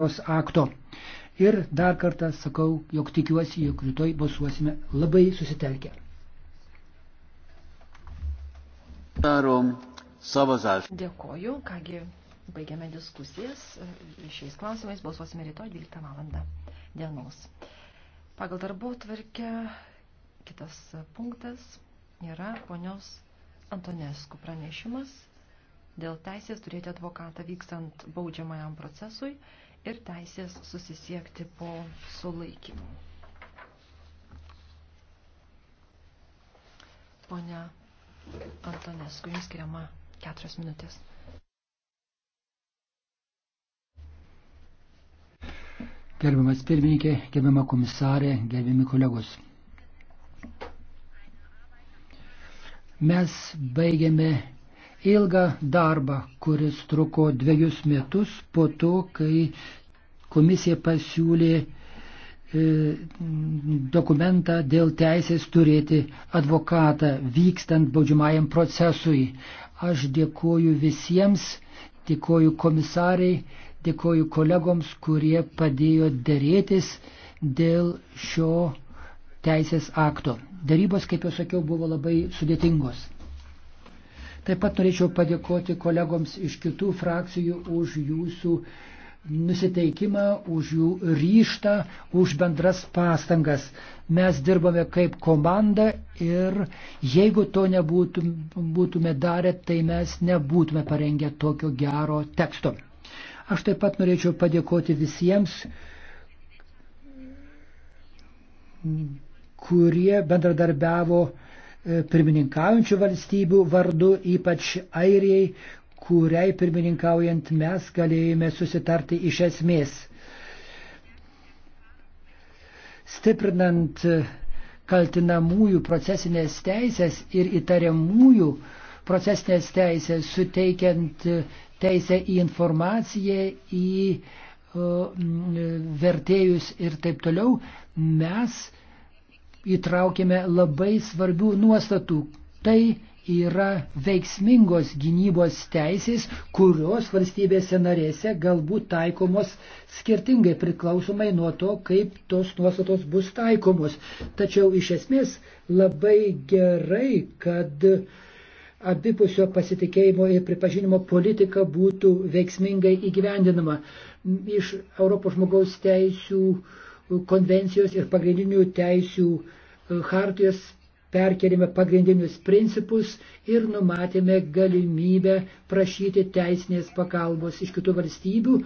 jos akto. Ir dar kartą sakau, jog tikiuosi, jog rytoj balsuosime labai susitelkę. Darom savazaš. Dėkoju, kągi baigiame diskusijas. Šiais klausimais balsuosime rytoj 12 valandą dienos. Pagal darbo tvarkę kitas punktas yra ponios Antonesku pranešimas dėl teisės turėti advokatą vykstant baudžiamajam procesui ir teisės susisiekti po sulaikymo. Pone Antonesku, jums skiriama keturios minutės. Gerbiamas pirmininkė, gerbiama komisarė, gerbiami kolegos. Mes baigėme ilgą darbą, kuris truko dviejus metus po to, kai komisija pasiūlė e, dokumentą dėl teisės turėti advokatą vykstant baudžiamajam procesui. Aš dėkoju visiems, dėkoju komisariai, dėkoju kolegoms, kurie padėjo dėrėtis dėl šio teisės akto. Darybos, kaip jau sakiau, buvo labai sudėtingos. Taip pat norėčiau padėkoti kolegoms iš kitų frakcijų už jūsų nusiteikimą, už jų ryštą, už bendras pastangas. Mes dirbame kaip komanda ir jeigu to nebūtume darę, tai mes nebūtume parengę tokio gero teksto. Aš taip pat norėčiau padėkoti visiems, kurie bendradarbiavo E, pirmininkaujančių valstybių vardu, ypač Airijai, kuriai pirmininkaujant mes galėjome susitarti iš esmės. Stiprinant kaltinamųjų procesinės teisės ir įtariamųjų procesinės teisės, suteikiant teisę į informaciją, į e, vertėjus ir taip toliau, mes įtraukėme labai svarbių nuostatų. Tai yra veiksmingos gynybos teisės, kurios valstybėse narėse galbūt taikomos skirtingai priklausomai nuo to, kaip tos nuostatos bus taikomos. Tačiau iš esmės labai gerai, kad abipusio pasitikėjimo ir pripažinimo politika būtų veiksmingai įgyvendinama. Iš Europos žmogaus teisų uh, konvencijos ir pagrindinių teisių e, hartijos perkelime pagrindinius principus ir numatėme galimybę prašyti teisinės pagalbos iš kitų valstybių,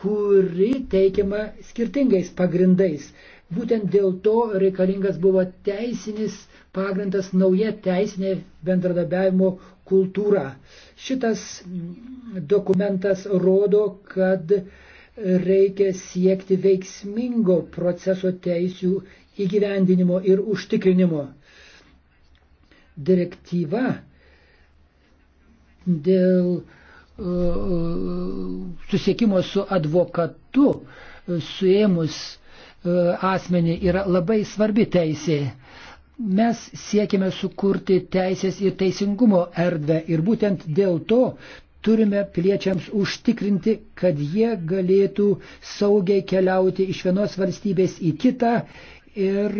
kuri teikiama skirtingais pagrindais. Būtent dėl to reikalingas buvo teisinis pagrindas nauja teisinė bendradarbiavimo kultūra. Šitas dokumentas rodo, kad reikia siekti veiksmingo proceso teisių įgyvendinimo ir užtikrinimo. Direktyva dėl e, e, susiekimo su advokatu e, suėmus asmenį yra labai svarbi teisė. Mes siekime sukurti teisės ir teisingumo erdvę ir būtent dėl to turime piliečiams užtikrinti, kad jie galėtų saugiai keliauti iš vienos valstybės į kitą ir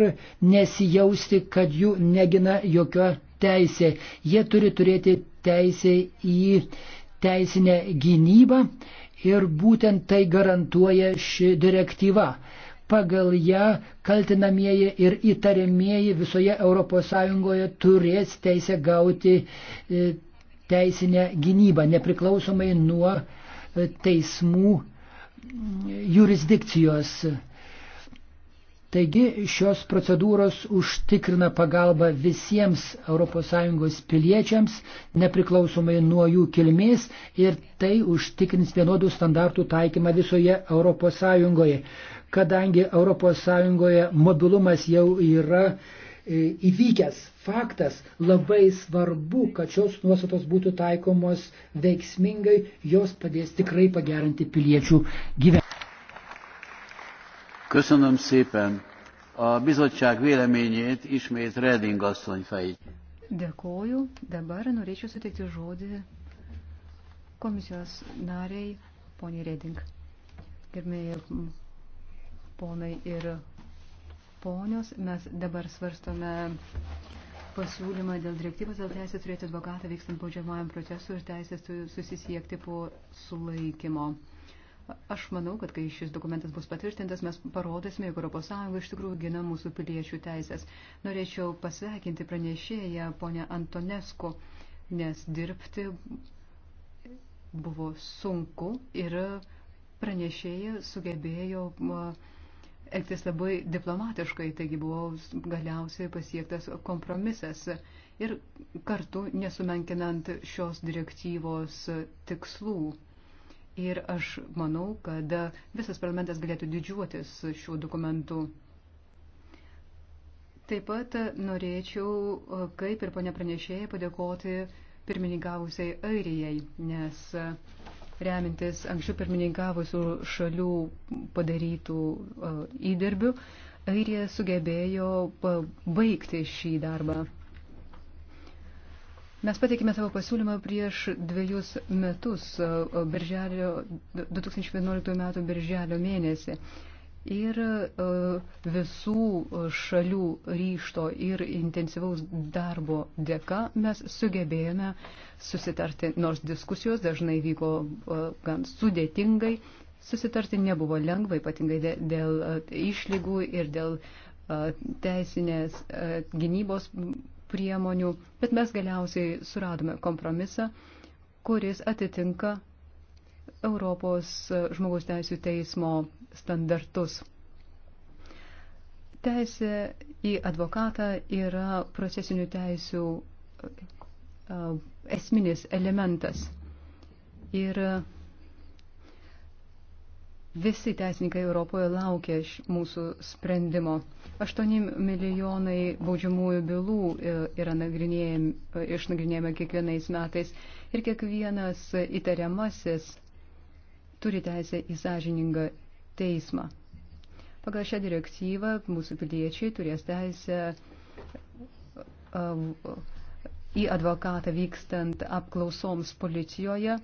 nesijausti, kad jų negina jokio teisė. Jie turi turėti teisę į teisinę gynybą ir būtent tai garantuoja ši direktyva. Pagal ją kaltinamieji ir įtariamieji visoje ES turės teisę gauti e, teisinę gynybą nepriklausomai nuo e, teismų jurisdikcijos. Taigi šios procedūros užtikrina pagalbą visiems ES piliečiams, nepriklausomai nuo jų kilmės ir tai užtikrins vienodų standartų taikymą visoje ES. Kadangi ES mobilumas jau yra e, įvykęs, faktas labai svarbu, kad šios nuostatos būtų taikomos veiksmingai, jos padės tikrai pagerinti piliečių gyvenimą. Köszönöm szépen. A bizottság véleményét ismét Reding asszony fejt. Dėkoju. Dabar norėčiau suteikti žodį komisijos nariai, poniai Reding. Gerbėjai ponai ir ponios, mes dabar svarstome pasiūlymą dėl direktyvos dėl teisės turėti advokatą vykstant baudžiamajam procesui ir teisės susisiekti po sulaikymo. Aš manau, kad kai šis dokumentas bus patvirtintas, mes parodysime, jog ES iš tikrųjų gina mūsų piliečių teisės. Norėčiau pasveikinti pranešėją ponę Antonesku, nes dirbti buvo sunku ir pranešėja sugebėjo uh, elgtis labai diplomatiškai, taigi buvo galiausiai pasiektas kompromisas ir kartu nesumenkinant šios direktyvos tikslų. Ir aš manau, kad visas parlamentas galėtų didžiuotis šiuo dokumentu. Taip pat norėčiau, kaip ir ponia pranešėja, padėkoti pirmininkavusiai Airijai, nes remintis anksčiau pirmininkavusių šalių padarytų įdirbių, Airija sugebėjo baigti šį darbą. Mes pateikėme savo pasiūlymą prieš dviejus metus, birželio, 2011 m. birželio mėnesį ir e, visų šalių ryšto ir intensyvaus darbo dėka mes sugebėjome susitarti, nors diskusijos dažnai vyko e, gan sudėtingai, susitarti nebuvo lengva, ypatingai dėl e, išlygų ir dėl teisinės gynybos priemonių, bet mes galiausiai suradome kompromisą, kuris atitinka Europos žmogaus teisų teismo standartus. Teisė į advokatą yra procesinių teisų esminis elementas. Ir Visi teisininkai Europoje laukia mūsų sprendimo. 8 milijonai baudžiamųjų bylų e, yra e, išnagrinėjami kiekvienais metais ir kiekvienas įtariamasis turi teisę į sąžiningą teismą. Pagal šią direktyvą mūsų piliečiai turės teisę į advokatą vykstant apklausoms policijoje.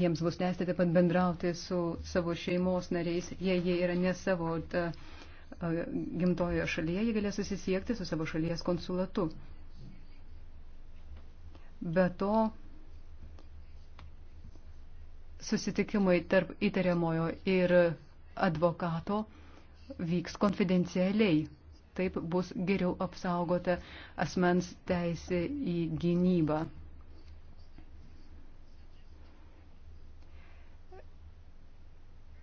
Jiems bus leista taip pat bendrauti su savo šeimos nariais, jei jie yra ne savo ta, gimtojoje šalyje, jie galės susisiekti su savo šalies konsulatu. Be to, susitikimai tarp įtariamojo ir advokato vyks konfidencialiai. Taip bus geriau apsaugota asmens teisė į gynybą.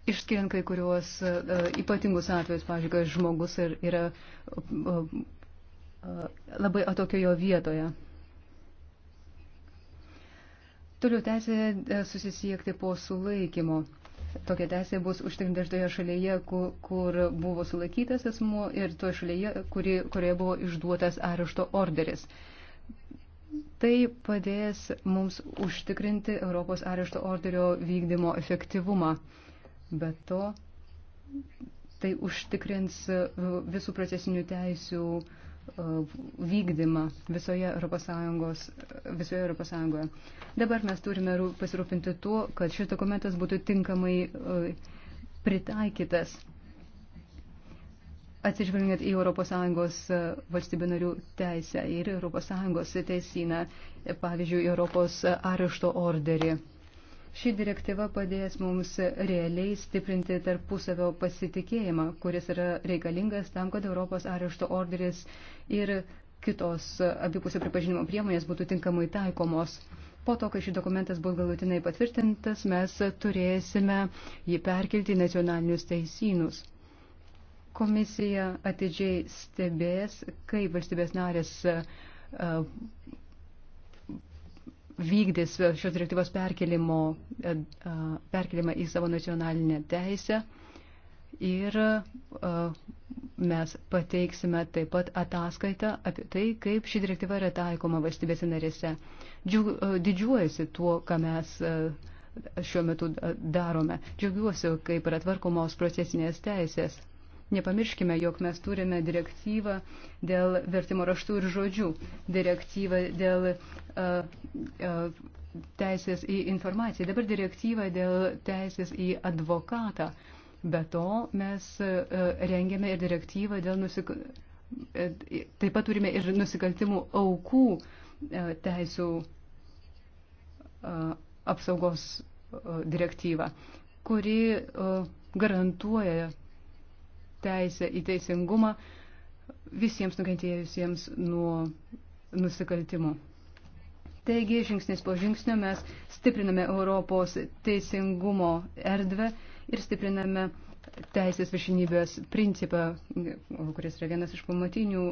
Išskiriant kai kuriuos uh, ypatingus atvejus, pavyzdžiui, kai žmogus yra uh, uh, labai atokiojo vietoje. Toliau teisė e, susisiekti po sulaikymo. Tokia teisė bus užtikrinta toje šalyje, kur, kur buvo sulaikytas asmuo ir toje šalyje, kuri, kurioje buvo išduotas arešto orderis. Tai padės mums užtikrinti Europos arešto orderio vykdymo efektyvumą. Be to, tai užtikrins e, visų procesinių teisių uh, E, vykdymą visoje ES, visoje Europos Sąjungoje. Dabar mes turime pasirūpinti tuo, kad šis dokumentas būtų tinkamai e, pritaikytas, atsižvelgiant į ES e, valstybių narių teisę ir ES teisyną, pavyzdžiui, Europos arešto orderį. Ši direktyva padės mums realiai stiprinti tarpusavio pasitikėjimą, kuris yra reikalingas tam, kad Europos arešto orderis ir kitos abipusio pripažinimo priemonės būtų tinkamai taikomos. Po to, kai šis dokumentas bus galutinai patvirtintas, mes turėsime jį perkelti į nacionalinius teisynus. Komisija atidžiai stebės, kaip valstybės narės vykdys šios direktyvos e, perkelimą į savo nacionalinę teisę. Ir mes pateiksime taip pat ataskaitą apie tai, kaip ši direktyva yra taikoma valstybėse narėse. Didžiuojasi tuo, ką mes šiuo metu darome. Džiaugiuosi, kaip yra tvarkomos procesinės teisės. Nepamirškime, jog mes turime direktyvą dėl vertimo raštų ir žodžių, direktyvą dėl uh, uh, teisės į informaciją, dabar direktyvą dėl teisės į advokatą. Be to mes uh, rengiame ir direktyvą dėl nusikaltimų. E, taip pat turime ir nusikaltimų aukų uh, teisų uh, apsaugos direktyvą, kuri garantuoja teisę į teisingumą visiems nukentėjusiems nuo nusikaltimų. Taigi, žingsnis po žingsnio mes stipriname Europos teisingumo erdvę ir stipriname teisės viršinybės principą, kuris yra vienas iš pamatinių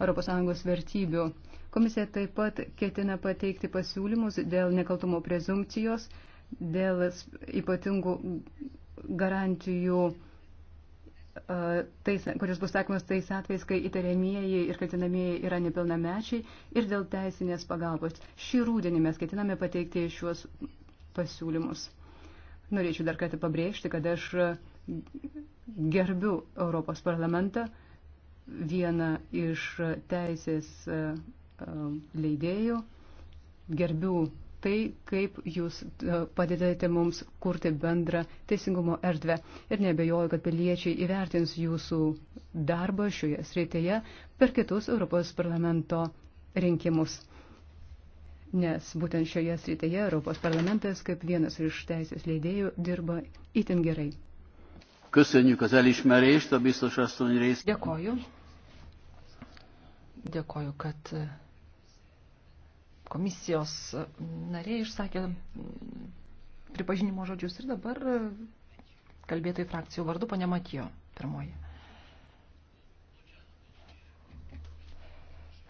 ES vertybių. Komisija taip pat ketina pateikti pasiūlymus dėl nekaltumo prezumcijos, dėl ypatingų garantijų tais, kuris bus taikomas tais atvejais, kai įtariamieji ir kaltinamieji yra nepilnamečiai ir dėl teisinės pagalbos. Šį rūdienį mes ketiname pateikti šiuos pasiūlymus. Norėčiau dar kartą pabrėžti, kad aš gerbiu Europos parlamentą, vieną iš teisės leidėjų, gerbiu tai, kaip jūs e, padedate mums kurti bendrą teisingumo erdvę. Ir nebejoju, kad piliečiai įvertins jūsų darbą šioje srityje per kitus Europos parlamento rinkimus. Nes būtent šioje srityje Europos parlamentas, kaip vienas iš teisės leidėjų, dirba itin gerai. Köszönjük az elismerést a biztos asszony részt. Dėkoju. Dėkoju, kad komisijos narė išsakė pripažinimo žodžius ir dabar kalbėtojų frakcijų vardu ponė Matijo pirmoji.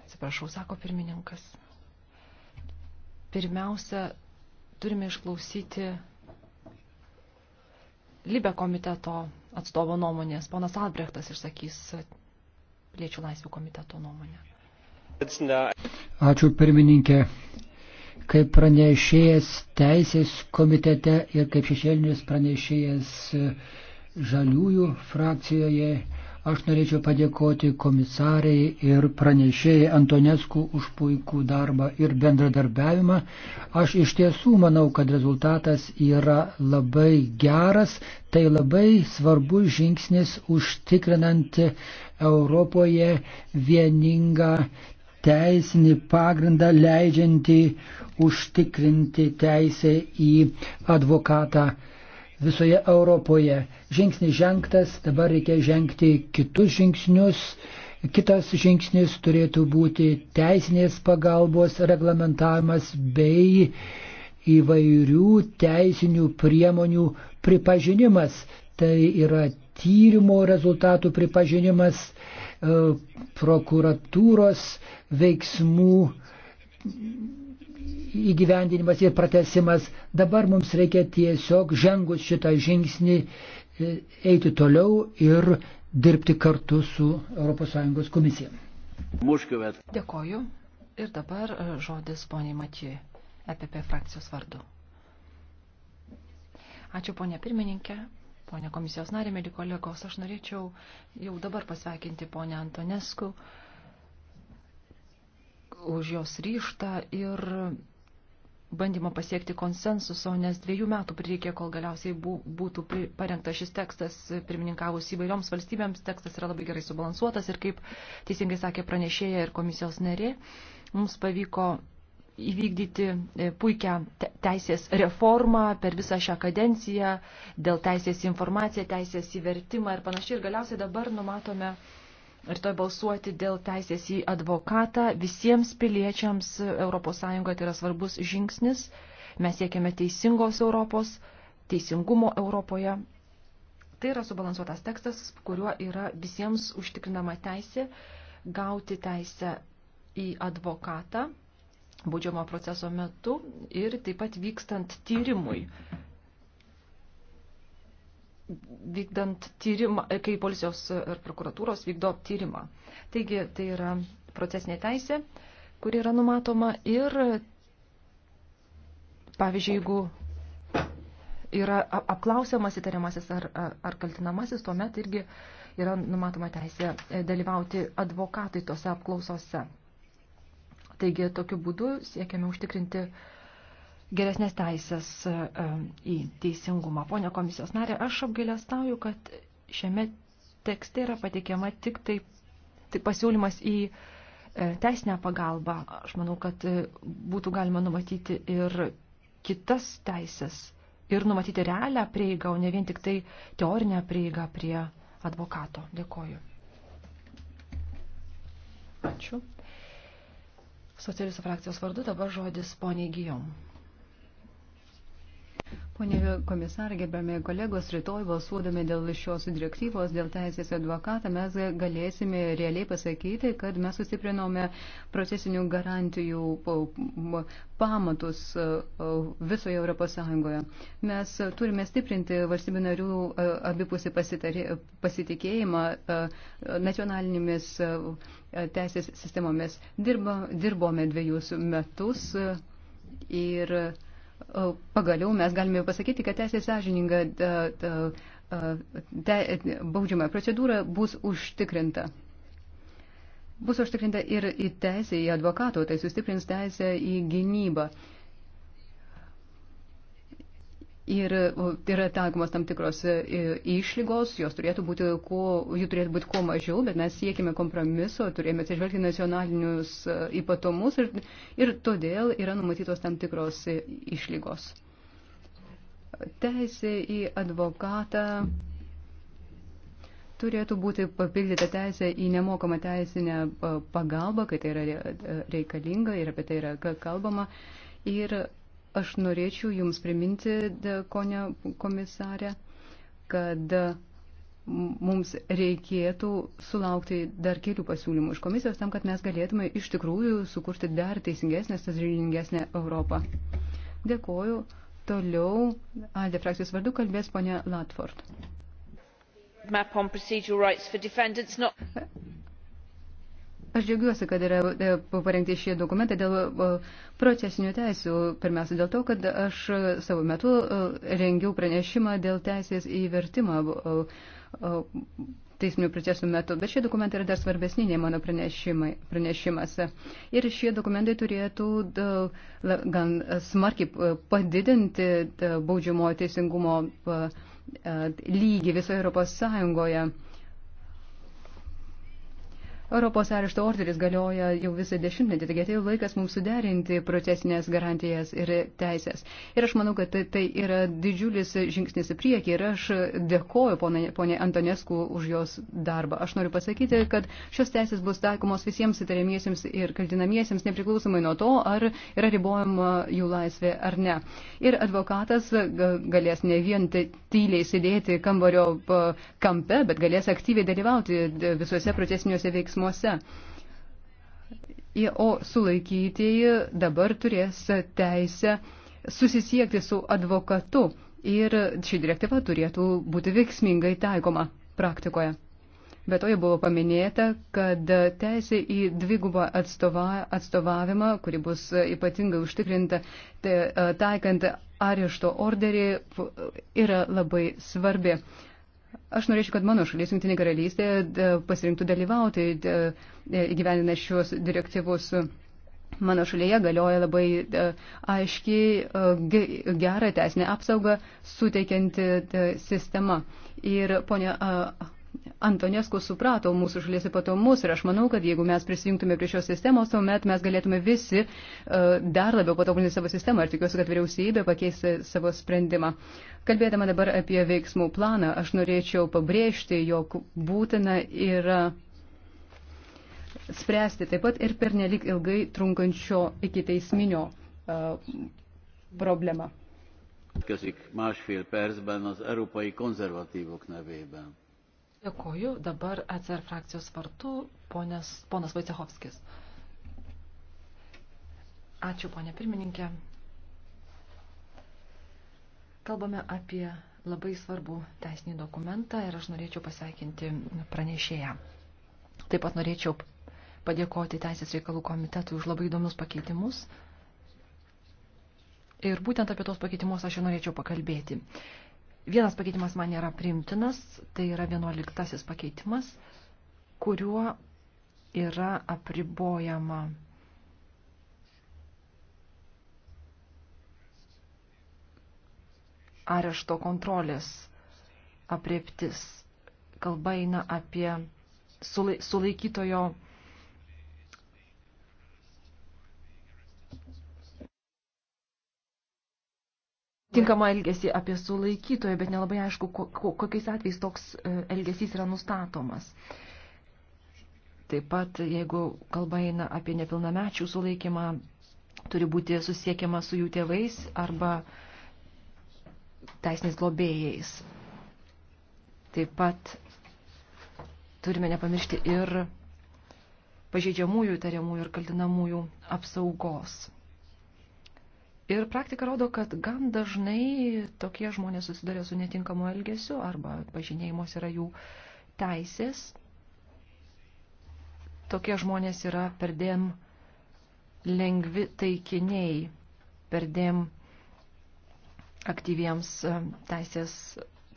Atsiprašau, sako pirmininkas. Pirmiausia, turime išklausyti Libe komiteto atstovo nuomonės. Ponas Albrechtas išsakys Piliečių laisvių komiteto nuomonę. Ačiū pirmininkė. Kaip pranešėjas teisės komitete ir kaip šešėlinis pranešėjas e, žaliųjų frakcijoje, aš norėčiau padėkoti komisariai ir pranešėjai Antonesku už puikų darbą ir bendradarbiavimą. Aš iš tiesų manau, kad rezultatas yra labai geras, tai labai svarbus žingsnis užtikrinant Europoje vieningą teisinį pagrindą leidžiantį užtikrinti teisę į advokatą visoje Europoje. Žingsnis žengtas, dabar reikia žengti kitus žingsnius. Kitas žingsnis turėtų būti teisinės pagalbos reglamentavimas bei įvairių teisinių priemonių pripažinimas. Tai yra tyrimo rezultatų pripažinimas, E, prokuratūros veiksmų įgyvendinimas ir pratesimas. Dabar mums reikia tiesiog žengus šitą žingsnį e, eiti toliau ir dirbti kartu su ES komisija. Muškivet. Dėkoju. Ir dabar e, žodis poniai Matijai, EPP frakcijos vardu. Ačiū ponia pirmininkė, Pone komisijos narė, mėly kolegos, aš norėčiau jau dabar pasveikinti ponę Antonesku už jos ryštą ir bandymą pasiekti konsensuso, nes dviejų metų prireikė, kol galiausiai būtų parengtas šis tekstas, pirmininkavus įvairioms valstybėms, tekstas yra labai gerai subalansuotas ir kaip teisingai sakė pranešėja ir komisijos narė, mums pavyko įvykdyti e, puikią teisės reformą per visą šią kadenciją dėl teisės į informaciją, teisės į vertimą ir panašiai. Ir galiausiai dabar numatome ir to balsuoti dėl teisės į advokatą. Visiems piliečiams ES tai yra svarbus žingsnis. Mes siekiame teisingos Europos, teisingumo Europoje. Tai yra subalansuotas tekstas, kuriuo yra visiems užtikrinama teisė gauti teisę į advokatą būdžiamo proceso metu ir taip pat vykstant tyrimui. Vykdant tyrimą, kai policijos ir prokuratūros vykdo tyrimą. Taigi tai yra procesinė teisė, kuri yra numatoma ir, pavyzdžiui, jeigu yra apklausiamas įtariamasis ar, ar kaltinamasis, tuomet irgi yra numatoma teisė dalyvauti advokatui tose apklausose. Taigi tokiu būdu siekiame užtikrinti geresnės teisės e, į teisingumą. Pone komisijos narė, aš apgailestauju, kad šiame tekste yra pateikiama tik, tai, tik pasiūlymas į e, teisinę pagalbą. Aš manau, kad e, būtų galima numatyti ir kitas teisės ir numatyti realią prieigą, o ne vien tik tai teorinę prieigą prie advokato. Dėkoju. Ačiū. Socialistų frakcijos vardu dabar žodis poniai Gijom. Pone komisarė, gerbėme kolegos, rytoj balsuodami dėl šios direktyvos, dėl teisės advokatą, mes galėsime realiai pasakyti, kad mes sustiprinome procesinių garantijų pamatus e, e, visoje Europos Sąjungoje. Mes turime stiprinti valstybių narių e, abipusį pasitikėjimą nacionalinėmis teisės sistemomis. Dirba, dirbome dviejus metus ir pagaliau mes galime pasakyti, kad teisė sąžininga baudžiama procedūra bus užtikrinta. Bus užtikrinta ir į teisę į advokato, tai sustiprins teisę į gynybą. Ir yra taikomos tam tikros e, išlygos, jos turėtų būti kuo, jų turėtų būti kuo mažiau, bet mes siekime kompromiso, turėjome atsižvelgti nacionalinius e, ypatumus ir, ir todėl yra numatytos tam tikros e, išlygos. Teisė į advokatą turėtų būti papildyta teisė į nemokamą teisinę pagalbą, kai tai yra reikalinga ir apie tai yra kalbama. Ir Aš norėčiau Jums priminti, konia komisarė, kad mums reikėtų sulaukti dar kelių pasiūlymų iš komisijos tam, kad mes galėtume iš tikrųjų sukurti dar teisingesnę, sąžiningesnę Europą. Dėkoju. Toliau Alde frakcijos vardu kalbės ponia Latford. Not... Aš džiaugiuosi, kad yra e, parengti šie dokumentai dėl e, procesinių teisų. Pirmiausia, dėl to, kad aš savo metu e, rengiau pranešimą dėl teisės įvertimą teisminių procesų metu, bet šie dokumentai yra dar svarbesni nei mano pranešimas. Ir šie dokumentai turėtų da, gan smarkiai padidinti da, baudžiamo teisingumo da, lygį visoje Europos Sąjungoje. Europos arešto orderis galioja jau visą dešimtmetį, taigi atėjo laikas mums suderinti procesinės garantijas ir teisės. Ir aš manau, kad tai, tai yra didžiulis žingsnis į priekį ir aš dėkoju poniai Antonesku už jos darbą. Aš noriu pasakyti, kad šios teisės bus taikomos visiems įtariamiesiems ir kaltinamiesiems, nepriklausomai nuo to, ar yra ribojama jų laisvė ar ne. Ir advokatas galės ne vien tyliai sėdėti kambario kampe, bet galės aktyviai dalyvauti visuose procesiniuose veiksmuose teismuose. O sulaikytieji dabar turės teisę susisiekti su advokatu ir ši direktyva turėtų būti veiksmingai taikoma praktikoje. Be to jau buvo paminėta, kad teisė į dvigubą atstova, atstovavimą, kuri bus ypatingai užtikrinta tai, taikant arešto orderį, yra labai svarbi. Aš norėčiau, kad mano šalis, Junktinė karalystė, e, pasirinktų dalyvauti e, e, įgyveninę šios direktyvus. Mano šalyje galioja labai aiški gerą teisinę apsaugą suteikianti sistema. Ir ponia Antonesku suprato mūsų šalies ypatumus ir aš manau, kad jeigu mes prisijungtume prie šios sistemos, tuomet mes galėtume visi e, dar labiau patobulinti savo sistemą ir tikiuosi, kad vyriausybė pakeis e, savo sprendimą. Kalbėdama dabar apie veiksmų planą, aš norėčiau pabrėžti, jog būtina yra spręsti taip pat ir pernelik ilgai trunkančio iki teisminio e, problemą. Kösik másfél percben az európai konzervatívok nevében. Dėkoju. Dabar atsir frakcijos vartų ponas, ponas Vaicehovskis. Ačiū, ponė pirmininkė. Kalbame apie labai svarbų teisinį dokumentą ir aš norėčiau pasveikinti pranešėją. Taip pat norėčiau padėkoti Teisės reikalų komitetui už labai įdomius pakeitimus. Ir būtent apie tos pakeitimus aš ir norėčiau pakalbėti. Vienas pakeitimas man yra primtinas, tai yra vienuoliktasis pakeitimas, kuriuo yra apribojama arešto kontrolės apreptis. Kalba eina apie sulaikytojo tinkamą elgesį apie sulaikytoją, bet nelabai aišku, kokiais atvejais toks e, elgesys yra nustatomas. Taip pat, jeigu kalba eina apie nepilnamečių sulaikymą, turi būti susiekiama su jų tėvais arba teisiniais globėjais. Taip pat turime nepamiršti ir pažeidžiamųjų, tariamųjų ir kaltinamųjų apsaugos. Ir praktika rodo, kad gan dažnai tokie žmonės susiduria su netinkamu elgesiu arba pažinėjimos yra jų teisės. Tokie žmonės yra perdėm lengvi taikiniai, perdėm aktyviems teisės,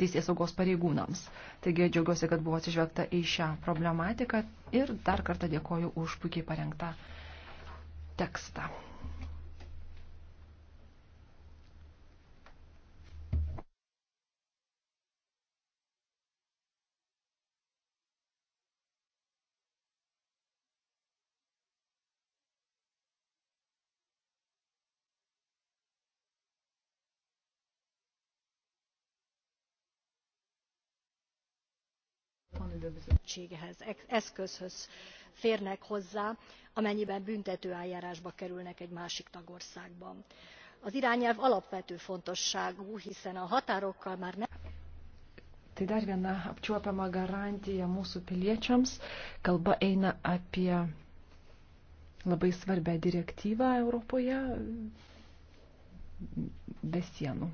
teisės saugos pareigūnams. Taigi džiaugiuosi, kad buvo atsižvelgta į šią problematiką ir dar kartą dėkoju už puikiai parengtą tekstą. segtséghez eszközhöz férnek hozzá amennyiben büntetőeljárásba kerülnek egy másik tagországban. az irányelv alapvető fontosságú hiszen a határokkal már nem. tai dar viena apčiuopiama garantija mūsų piliečiams kalba eina apie labai svarbią direktyvą europoje be sienų.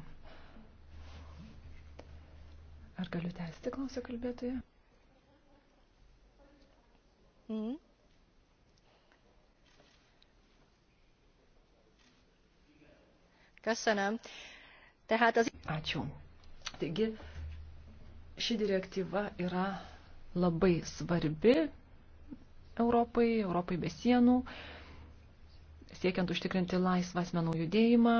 Ar galiu tęsti, klausė kalbėtoja? Mm. Köszönöm. Tehát az... Ačiū. Taigi, ši direktyva yra labai svarbi Europai, Europai be sienų, siekiant užtikrinti laisvą asmenų judėjimą,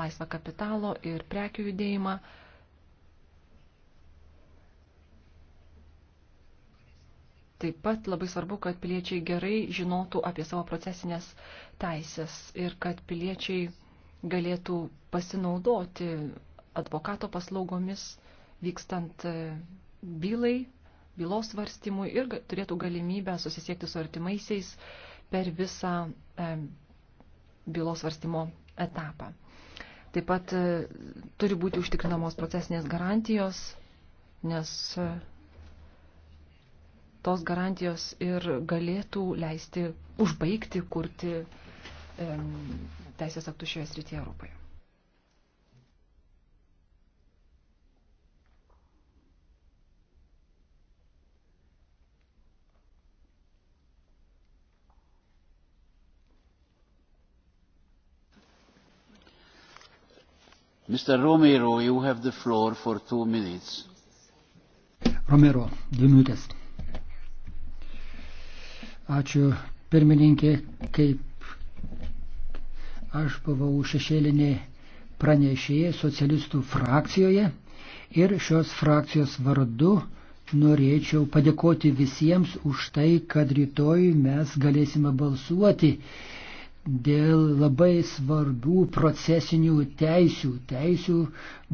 laisvą kapitalo ir prekių judėjimą. Taip pat labai svarbu, kad piliečiai gerai žinotų apie savo procesinės teisės ir kad piliečiai galėtų pasinaudoti advokato paslaugomis vykstant e, bylai, bylos svarstymui ir turėtų galimybę susisiekti su artimaisiais per visą e, bylos svarstymo etapą. Taip pat e, turi būti užtikrinamos procesinės garantijos, nes tos garantijos ir galėtų leisti užbaigti kurti teisės aktų šioje srityje Europoje. Mr. Romero, you have the floor for two minutes. Romero, dvi minutės. Ačiū pirmininkė, kaip aš buvau šešėlinė pranešėja socialistų frakcijoje ir šios frakcijos vardu norėčiau padėkoti visiems už tai, kad rytoj mes galėsime balsuoti dėl labai svarbių procesinių teisių, teisių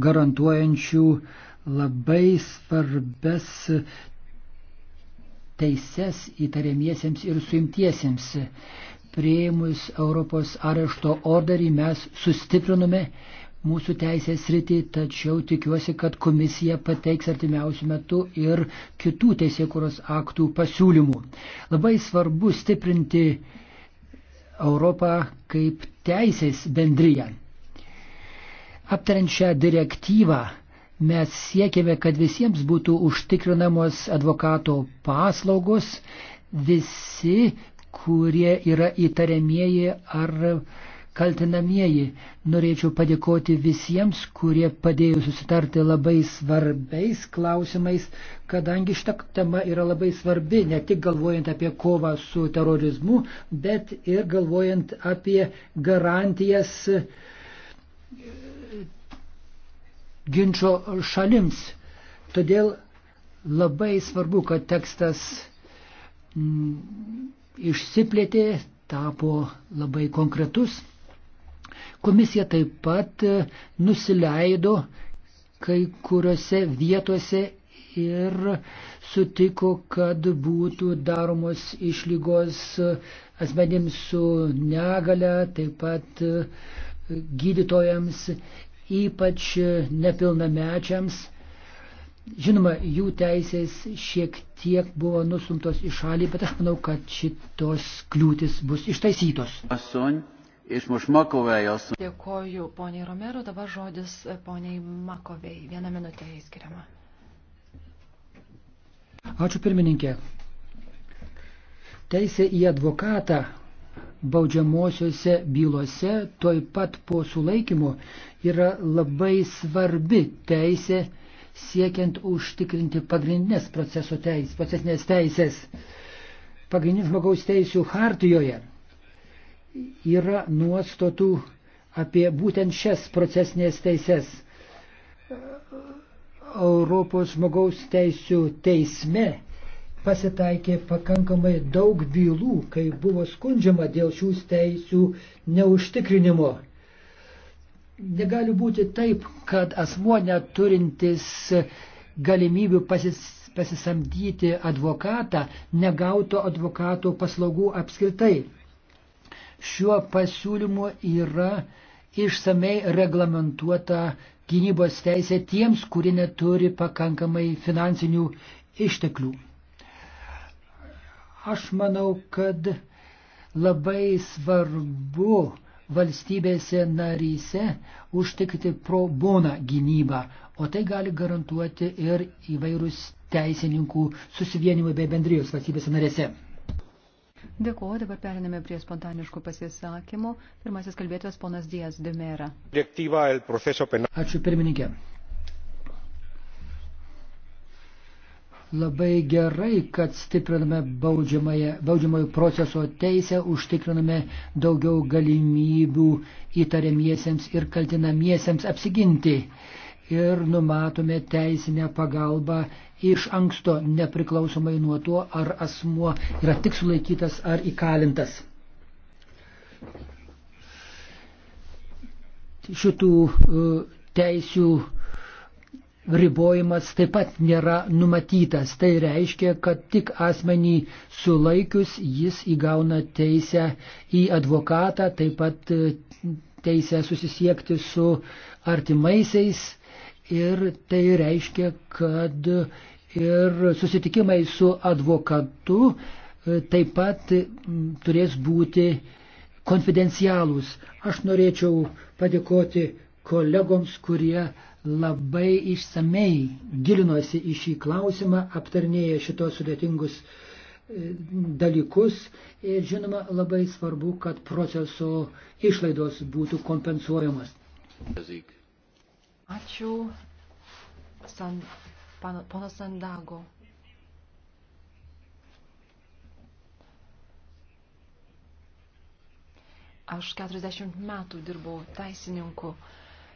garantuojančių labai svarbes teises įtariamiesiems ir suimtiesiems. Prieimus Europos arešto orderį mes sustiprinome mūsų teisės rytį, tačiau tikiuosi, kad komisija pateiks artimiausių metų ir kitų teisėkuros aktų pasiūlymų. Labai svarbu stiprinti Europą kaip teisės bendryje. Aptariant šią direktyvą Mes siekėme, kad visiems būtų užtikrinamos advokato paslaugos, visi, kurie yra įtariamieji ar kaltinamieji. Norėčiau padėkoti visiems, kurie padėjo susitarti labai svarbiais klausimais, kadangi šita tema yra labai svarbi, ne tik galvojant apie kovą su terorizmu, bet ir galvojant apie garantijas ginčio šalims. Todėl labai svarbu, kad tekstas m, mm, išsiplėtė, tapo labai konkretus. Komisija taip pat e, nusileido kai kuriuose vietose ir sutiko, kad būtų daromos išlygos e, asmenims su negale, taip pat e, gydytojams ypač nepilnamečiams. Žinoma, jų teisės šiek tiek buvo nusumtos į šalį, bet aš manau, kad šitos kliūtis bus ištaisytos. Dėkoju, poniai Romero, dabar žodis e, poniai Makovei. Vieną minutę įskiriama. Ačiū pirmininkė. Teisė į advokatą baudžiamosiose bylose, toj pat po sulaikymo, yra labai svarbi teisė siekiant užtikrinti pagrindinės proceso teis, procesinės teisės. Pagrindinių žmogaus teisų hartijoje yra nuostatų apie būtent šias procesinės teises. Europos žmogaus teisų teisme pasitaikė pakankamai daug bylų, kai buvo skundžiama dėl šių teisių neužtikrinimo. Negali būti taip, kad asmuo neturintis galimybių pasis, pasisamdyti advokatą negauto advokato paslaugų apskritai. Šiuo pasiūlymu yra išsamei reglamentuota gynybos teisė tiems, kurie neturi pakankamai finansinių išteklių. Aš manau, kad labai svarbu valstybėse naryse užtikti pro būną gynybą, o tai gali garantuoti ir įvairūs teisininkų susivienimai bei bendrijos valstybėse narėse. Dėkuoju, dabar periname prie spontaniškų pasisakymų. Pirmasis kalbėtojas ponas Dijas Demera. Ačiū pirmininkė. Labai gerai, kad stipriname baudžiamojo proceso teisę, užtikriname daugiau galimybių įtariamiesiems ir kaltinamiesiems apsiginti ir numatome teisinę pagalbą iš anksto, nepriklausomai nuo to, ar asmuo yra tik sulaikytas ar įkalintas. Šitų uh, teisių ribojimas taip pat nėra numatytas. Tai reiškia, kad tik asmenį sulaikius jis įgauna teisę į advokatą, taip pat e, teisę susisiekti su artimaisiais ir tai reiškia, kad ir susitikimai su advokatu e, taip pat turės būti konfidencialūs. Aš norėčiau padėkoti kolegoms, kurie labai išsamei gilinosi į šį klausimą, aptarnėja šitos sudėtingus e, dalykus ir žinoma labai svarbu, kad proceso išlaidos būtų kompensuojamos. Ačiū, San, pan, ponas Sandago. Aš 40 metų dirbau teisininku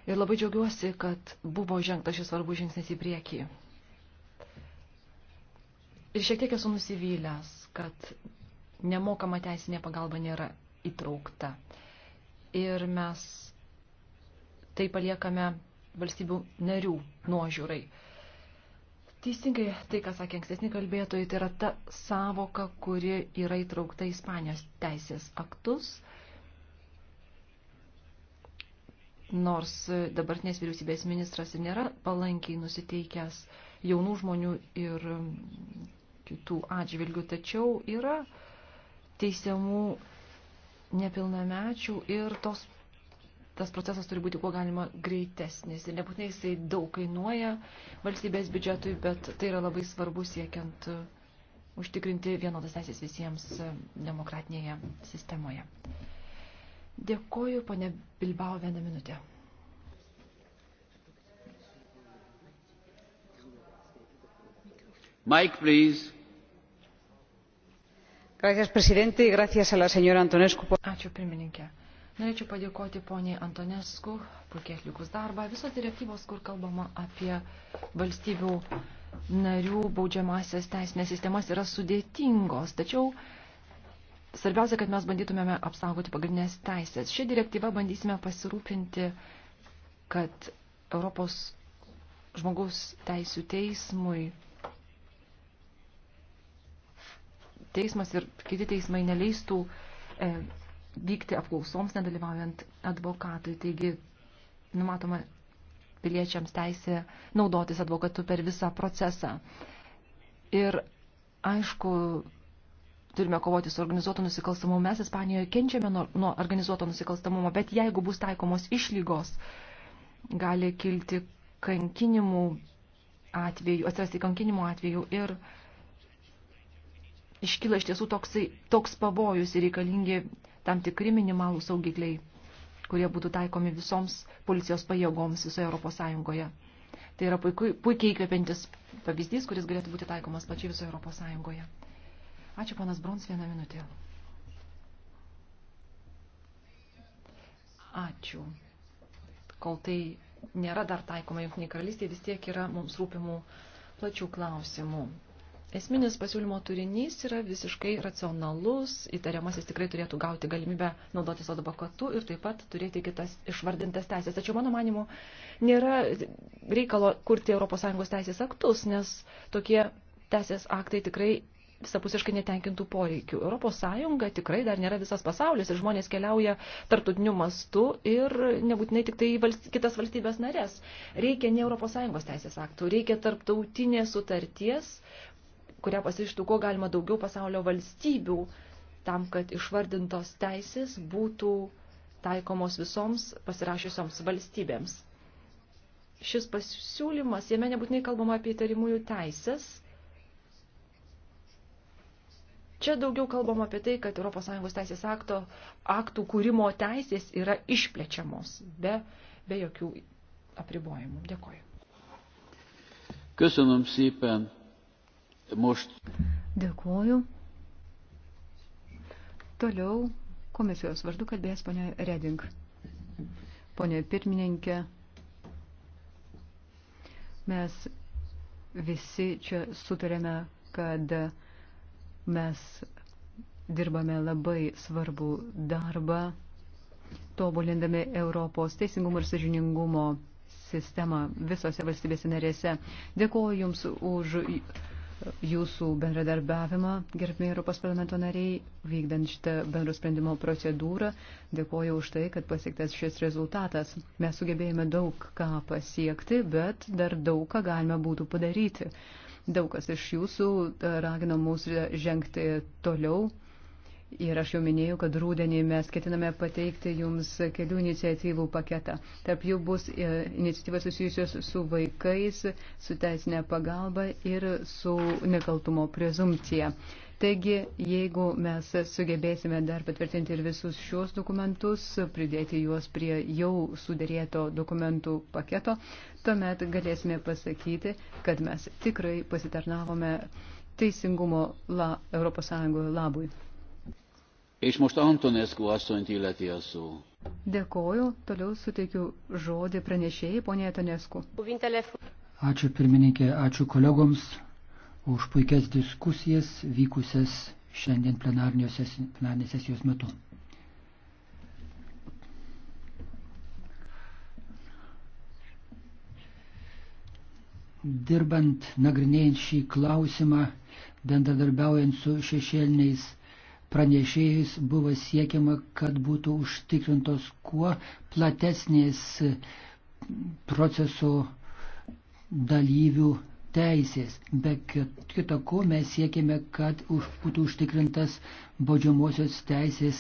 Ir labai džiaugiuosi, kad buvo žengtas šis svarbus žingsnis į priekį. Ir šiek tiek esu nusivylęs, kad nemokama teisinė pagalba nėra įtraukta. Ir mes tai paliekame valstybių narių nuožiūrai. Teisingai tai, ką sakė ankstesni kalbėtojai, tai yra ta savoka, kuri yra įtraukta į Ispanijos teisės aktus. Uh, nors dabartinės vyriausybės ministras ir nėra palankiai nusiteikęs jaunų žmonių ir kitų atžvilgių, tačiau yra teisiamų nepilnamečių ir tos, tas procesas turi būti kuo galima greitesnis. Ir nebūtinai jisai daug kainuoja valstybės biudžetui, bet tai yra labai svarbu siekiant užtikrinti vienodas teisės visiems demokratinėje sistemoje. Dėkoju, ponė Bilbao, vieną minutę. señor presidente gracias a la señora antonescu por. ačiū pirmininke norėčiau padėkoti poniai antonescu puikiai atlikus darbą visos direktyvos kur kalbama apie valstybių narių baudžiamąsias teisines sistemas yra sudėtingos tačiau Svarbiausia, kad mes bandytumėme apsaugoti pagrindinės teisės. Šią direktyvą bandysime pasirūpinti, kad Europos žmogaus teisų teismui teismas ir kiti teismai neleistų e, vykti apklausoms, nedalyvaujant advokatui. Taigi, numatoma piliečiams teisė naudotis advokatu per visą procesą. Ir aišku, turime kovoti su organizuotu nusikalstamumu. Mes Ispanijoje kenčiame nuo, nuo organizuoto nusikalstamumo, bet jeigu bus taikomos išlygos, gali kilti kankinimų atveju, atsirasti kankinimų atveju ir iškyla iš tiesų toksai, toks pavojus ir reikalingi tam tikri minimalų saugikliai, kurie būtų taikomi visoms policijos pajėgoms visoje Europos Sąjungoje. Tai yra puikiai įkvepiantis pavyzdys, kuris galėtų būti taikomas pačiai visoje Europos Sąjungoje. Ačiū, panas Brons, vieną minutę. Ačiū. Kol tai nėra dar taikoma Junktinė karalystė, vis tiek yra mums rūpimų plačių klausimų. Esminis pasiūlymo turinys yra visiškai racionalus, įtariamasis tikrai turėtų gauti galimybę naudotis advokatu ir taip pat turėti kitas išvardintas teisės. Tačiau mano manimu, nėra reikalo kurti ES teisės aktus, nes tokie teisės aktai tikrai visapusiškai netenkintų poreikių. Europos Sąjunga tikrai dar nėra visas pasaulis ir žmonės keliauja tartutiniu mastu ir nebūtinai tik tai valst, kitas valstybės narės. Reikia ne Europos Sąjungos teisės aktų, reikia tarptautinės sutarties, kurią pasištų kuo galima daugiau pasaulio valstybių, tam, kad išvardintos teisės būtų taikomos visoms pasirašiusioms valstybėms. Šis pasiūlymas, jame nebūtinai kalbama apie įtarimųjų teisės, Čia daugiau kalbam apie tai, kad ES teisės akto, aktų kūrimo teisės yra išplečiamos be, be jokių apribojimų. Dėkoju. Köszönöm szépen. Most... Dėkoju. Toliau komisijos vardu kalbės ponia Reding. Ponia pirmininkė, mes visi čia sutarėme, kad Mes dirbame labai svarbų darbą, tobulindami Europos teisingumo ir sažiningumo sistemą visose valstybėse narėse. Dėkuoju Jums už Jūsų bendradarbiavimą, gerbimi Europos parlamento nariai, vykdant šitą bendro sprendimo procedūrą. Dėkuoju už tai, kad pasiektas šis rezultatas. Mes sugebėjome daug ką pasiekti, bet dar daug ką galime būtų padaryti. Daug kas iš jūsų e, ragino mūsų e, žengti toliau. Ir aš jau minėjau, kad rūdienį mes ketiname pateikti jums kelių iniciatyvų paketą. Tarp jų bus e, iniciatyvas susijusios su vaikais, su teisinė pagalba ir su nekaltumo prezumcija. Taigi, jeigu mes sugebėsime dar patvirtinti ir visus šios dokumentus, pridėti juos prie jau sudėrėto dokumentų paketo, tuomet galėsime pasakyti, kad mes tikrai pasitarnavome teisingumo la, Europos Sąjungoje labui. És most Antonescu asszonyt illeti a szó. Dėkoju, toliau suteikiu žodį pranešėjai, ponė Antonescu. Ačiū pirmininkė, ačiū kolegoms, už puikias diskusijas vykusias šiandien plenarnės sesijos metu. Dirbant, nagrinėjant šį klausimą, bendradarbiaujant su šešėliniais pranešėjais, buvo siekiama, kad būtų užtikrintos kuo platesnės procesų dalyvių teisės. Be kito ko mes siekime, kad už, būtų užtikrintas baudžiamosios teisės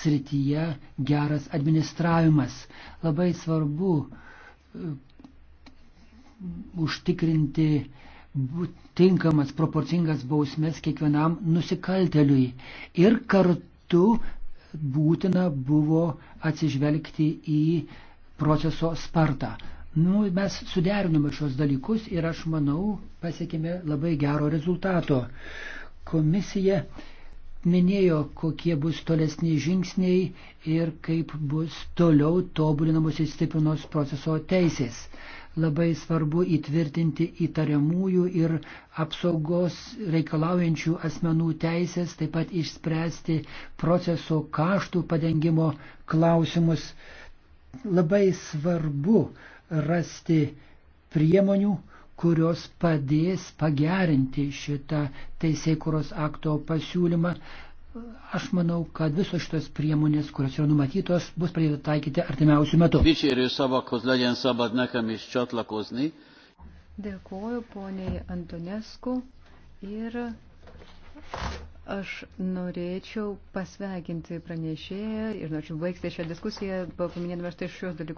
srityje geras administravimas. Labai svarbu uh, užtikrinti tinkamas, proporcingas bausmės kiekvienam nusikalteliui. Ir kartu būtina buvo atsižvelgti į proceso spartą. Nu, mes suderinome šios dalykus ir aš manau pasiekėme labai gero rezultato. Komisija minėjo, kokie bus tolesni žingsniai ir kaip bus toliau tobulinamos ir stiprinos proceso teisės. Labai svarbu įtvirtinti įtariamųjų ir apsaugos reikalaujančių asmenų teisės, taip pat išspręsti proceso kaštų padengimo klausimus. Labai svarbu rasti priemonių, kurios padės pagerinti šitą teisėkuros akto pasiūlymą. Aš manau, kad visos šitos priemonės, kurios yra numatytos, bus pradėta taikyti artimiausių metų. Dėkuoju poniai Antonesku ir Aš norėčiau pasveikinti pranešėją ir norėčiau baigti šią diskusiją, paminėdama štai šios dalykus.